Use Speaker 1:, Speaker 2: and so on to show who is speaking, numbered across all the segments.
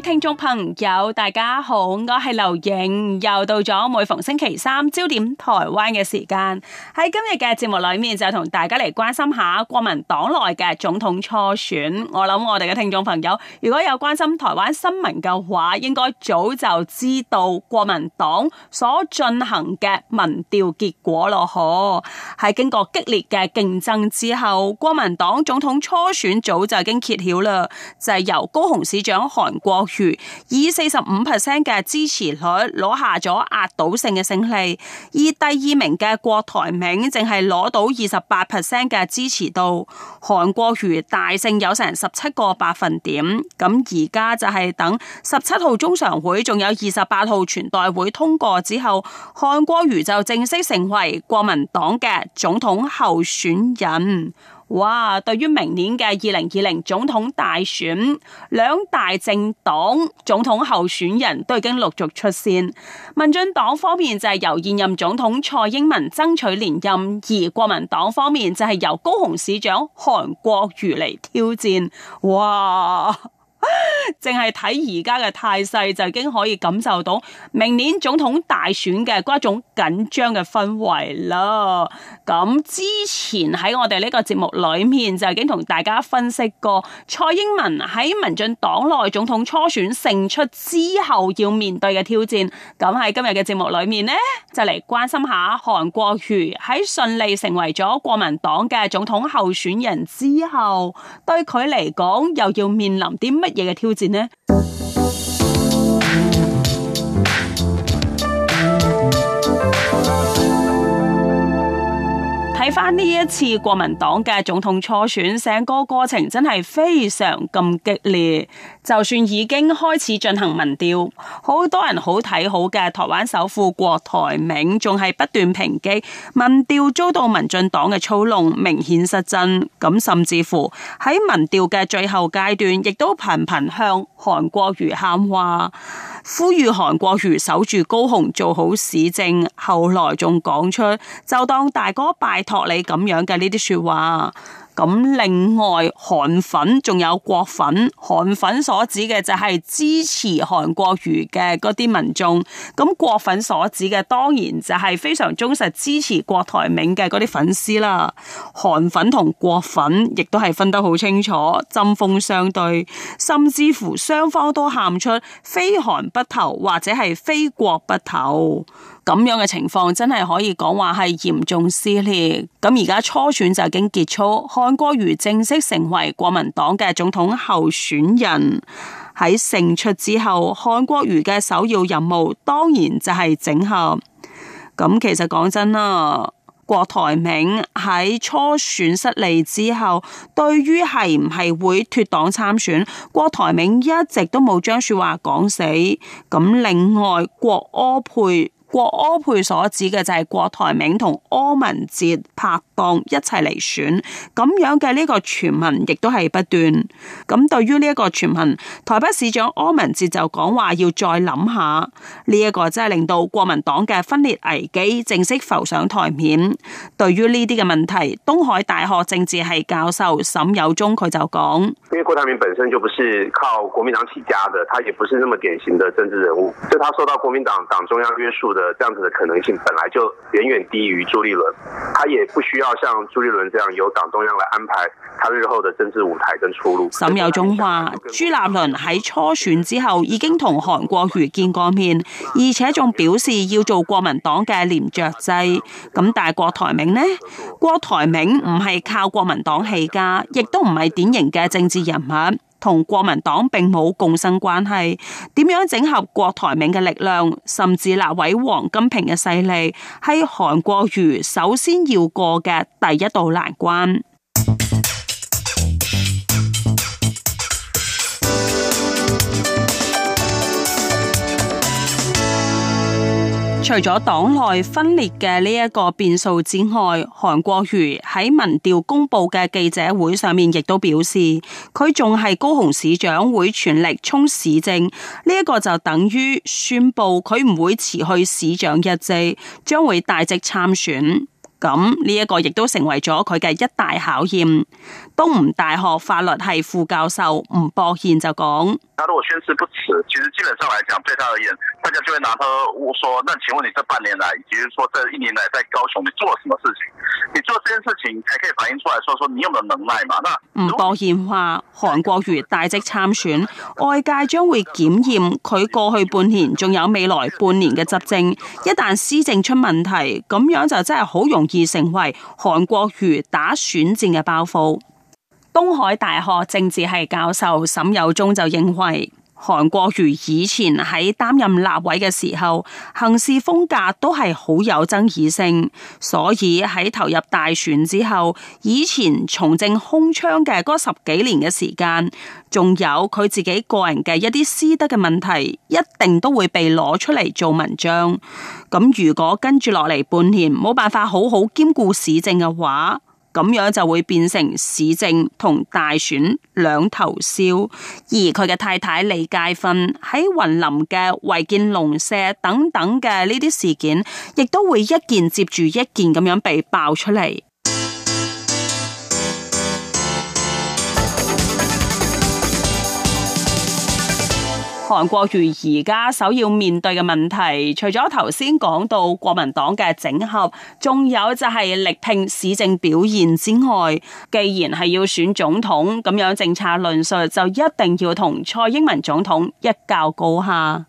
Speaker 1: 聽眾朋友，大家好，我係劉影，又到咗每逢星期三焦點台灣嘅時間。喺今日嘅節目裏面就同大家嚟關心下國民黨內嘅總統初選。我諗我哋嘅聽眾朋友，如果有關心台灣新聞嘅話，應該早就知道國民黨所進行嘅民調結果咯。嗬，係經過激烈嘅競爭之後，國民黨總統初選早就已經揭曉啦，就係由高雄市長韓國。如以四十五 percent 嘅支持率攞下咗壓倒性嘅勝利，以第二名嘅郭台銘淨係攞到二十八 percent 嘅支持度。韓國瑜大勝有成十七個百分點，咁而家就係等十七號中常會仲有二十八號全代會通過之後，韓國瑜就正式成為國民黨嘅總統候選人。哇！對於明年嘅二零二零總統大選，兩大政黨總統候選人都已經陸續出線。民進黨方面就係由現任總統蔡英文爭取連任，而國民黨方面就係由高雄市長韓國瑜嚟挑戰。哇！淨係睇而家嘅態勢，就已經可以感受到明年總統大選嘅一種緊張嘅氛圍啦。咁之前喺我哋呢個節目裏面，就已經同大家分析過蔡英文喺民進黨內總統初選勝出之後要面對嘅挑戰。咁喺今日嘅節目裏面呢，就嚟關心下韓國瑜喺順利成為咗國民黨嘅總統候選人之後，對佢嚟講又要面臨啲乜嘢嘅挑戰咧？ 睇返呢一次國民黨嘅總統初選，成個過程真係非常咁激烈。就算已經開始進行民調，好多人好睇好嘅台灣首富郭台銘仲係不斷抨擊民調，遭到民進黨嘅操弄，明顯失真。咁甚至乎喺民調嘅最後階段，亦都頻頻向韓國瑜喊話。呼籲韓國瑜守住高雄，做好市政，後來仲講出就當大哥拜託你咁樣嘅呢啲説話。咁另外，韓粉仲有國粉。韓粉所指嘅就係支持韓國瑜嘅嗰啲民眾，咁國粉所指嘅當然就係非常忠實支持郭台銘嘅嗰啲粉絲啦。韓粉同國粉亦都係分得好清楚，針鋒相對，甚至乎雙方都喊出非韓不投或者係非國不投。咁樣嘅情況真係可以講話係嚴重撕裂。咁而家初選就已經結束，韓國瑜正式成為國民黨嘅總統候選人。喺勝出之後，韓國瑜嘅首要任務當然就係整合。咁其實講真啦，郭台銘喺初選失利之後，對於係唔係會脫黨參選，郭台銘一直都冇將說話講死。咁另外，郭柯配。郭柯佩所指嘅就係郭台銘同柯文哲拍檔一齊嚟選咁樣嘅呢個傳聞亦都係不斷。咁對於呢一個傳聞，台北市長柯文哲就講話要再諗下。呢一個真係令到國民黨嘅分裂危機正式浮上台面。對於呢啲嘅問題，東海大學政治系教授沈有忠佢就講：因為郭台銘本身就不是靠國民黨起家嘅，他也不是那麼典型的政治人物，就他受到國民黨黨中央約束的。嘅，這樣子的可能性，本來就遠遠低於朱立倫，他也不需要像朱立倫這樣由黨中央來安排他日後的政治舞台跟出路。沈有忠話：朱立倫喺初選之後已經同韓國瑜見過面，而且仲表示要做國民黨嘅廉爵制。咁但係郭台銘呢？郭台銘唔係靠國民黨起家，亦都唔係典型嘅政治人物。同國民黨並冇共生關係，點樣整合郭台銘嘅力量，甚至立委王金平嘅勢力，係韓國瑜首先要過嘅第一道難關。除咗黨內分裂嘅呢一個變數之外，韓國瑜喺民調公布嘅記者會上面，亦都表示佢仲係高雄市長會全力衝市政，呢一個就等於宣布佢唔會辭去市長一職，將會帶職參選。咁呢一個亦都成為咗佢嘅一大考驗。東吳大學法律系副教授吳博憲就講。他如果宣誓不遲，其實基本上來講，對他而言，大家就會拿他說。那請問你這半年來，以及說這一年來，在高雄你做了什麼事情？你做這件事情，才可以反映出嚟，說說你有冇能耐嘛？那吳博憲話，韓國瑜大職參選，外界將會檢驗佢過去半年，仲有未來半年嘅執政。一旦施政出問題，咁樣就真係好容易成為韓國瑜打選戰嘅包袱。東海大學政治系教授沈有忠就認為，韓國瑜以前喺擔任立委嘅時候，行事風格都係好有爭議性，所以喺投入大選之後，以前從政空窗嘅嗰十幾年嘅時間，仲有佢自己個人嘅一啲私德嘅問題，一定都會被攞出嚟做文章。咁如果跟住落嚟半年冇辦法好好兼顧市政嘅話，咁樣就會變成市政同大選兩頭燒，而佢嘅太太李佳芬喺雲林嘅違建農舍等等嘅呢啲事件，亦都會一件接住一件咁樣被爆出嚟。韓國瑜而家首要面對嘅問題，除咗頭先講到國民黨嘅整合，仲有就係力拼市政表現之外，既然係要選總統，咁樣政策論述就一定要同蔡英文總統一較高下。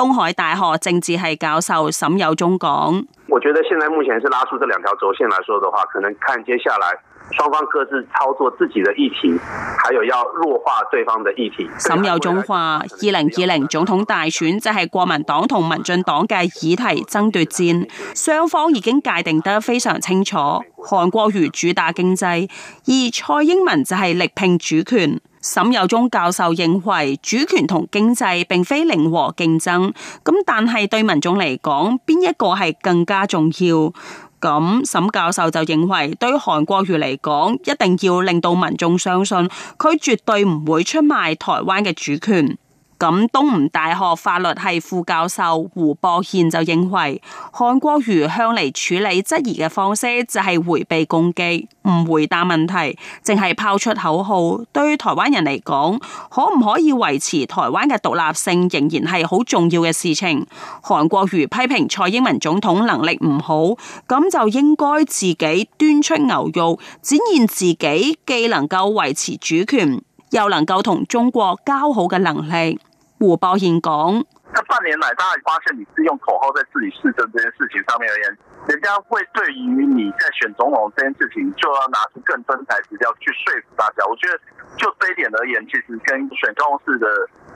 Speaker 1: 東海大學政治系教授沈有中講：我覺得現在目前是拉出這兩條軸線來說的話，可能看接下來雙方各自操作自己的議題，還有要弱化對方的議題。沈有中話：二零二零總統大選就係國民黨同民進黨嘅議題爭奪戰，雙方已經界定得非常清楚。韓國瑜主打經濟，而蔡英文就係力拼主權。沈有忠教授認為主權同經濟並非零和競爭，咁但係對民眾嚟講，邊一個係更加重要？咁沈教授就認為，對韓國瑜嚟講，一定要令到民眾相信佢絕對唔會出賣台灣嘅主權。咁東吳大學法律系副教授胡博賢就認為，韓國瑜向嚟處理質疑嘅方式就係回避攻擊，唔回答問題，淨係拋出口號。對於台灣人嚟講，可唔可以維持台灣嘅獨立性，仍然係好重要嘅事情。韓國瑜批評蔡英文總統能力唔好，咁就應該自己端出牛肉，展現自己既能夠維持主權，又能夠同中國交好嘅能力，胡博賢講：喺半年嚟，大家發現你是用口號在治理市政，這件事情上面而言，人家會對於你在選總統這件事情，就要拿出更真材實料去說服大家。我覺得就這一點而言，其實跟選高雄市的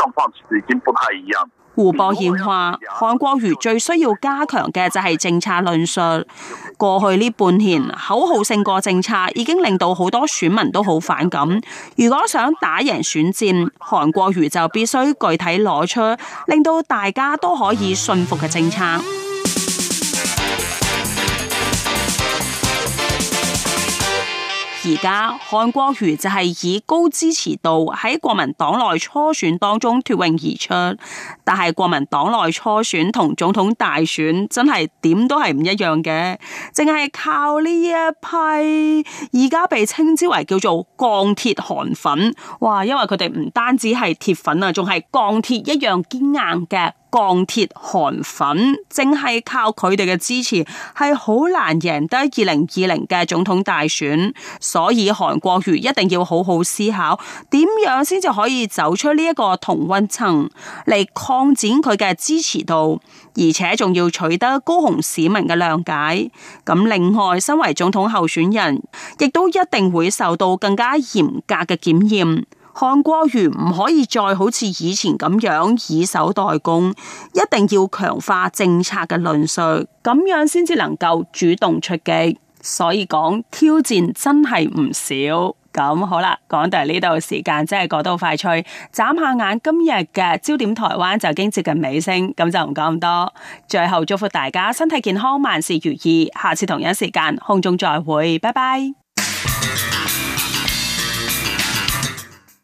Speaker 1: 狀況其實已經不太一樣。胡博賢話：韓國瑜最需要加強嘅就係政策論述。過去呢半年，口號性嘅政策已經令到好多選民都好反感。如果想打贏選戰，韓國瑜就必須具體攞出，令到大家都可以信服嘅政策。而家韓國瑜就係以高支持度喺國民黨內初選當中脫穎而出，但係國民黨內初選同總統大選真係點都係唔一樣嘅，淨係靠呢一批而家被稱之為叫做鋼鐵韓粉，哇！因為佢哋唔單止係鐵粉啊，仲係鋼鐵一樣堅硬嘅。鋼鐵韓粉淨係靠佢哋嘅支持，係好難贏得二零二零嘅總統大選，所以韓國瑜一定要好好思考點樣先至可以走出呢一個同溫層嚟擴展佢嘅支持度，而且仲要取得高雄市民嘅諒解。咁另外，身為總統候選人，亦都一定會受到更加嚴格嘅檢驗。韓國瑜唔可以再好似以前咁樣以守代攻，一定要強化政策嘅論述，咁樣先至能夠主動出擊。所以講挑戰真係唔少。咁好啦，講到呢度時間真係過到快脆，眨下眼今日嘅焦點台灣就已經接近尾聲，咁就唔講咁多。最後祝福大家身體健康，萬事如意。下次同樣時間空中再會，拜拜。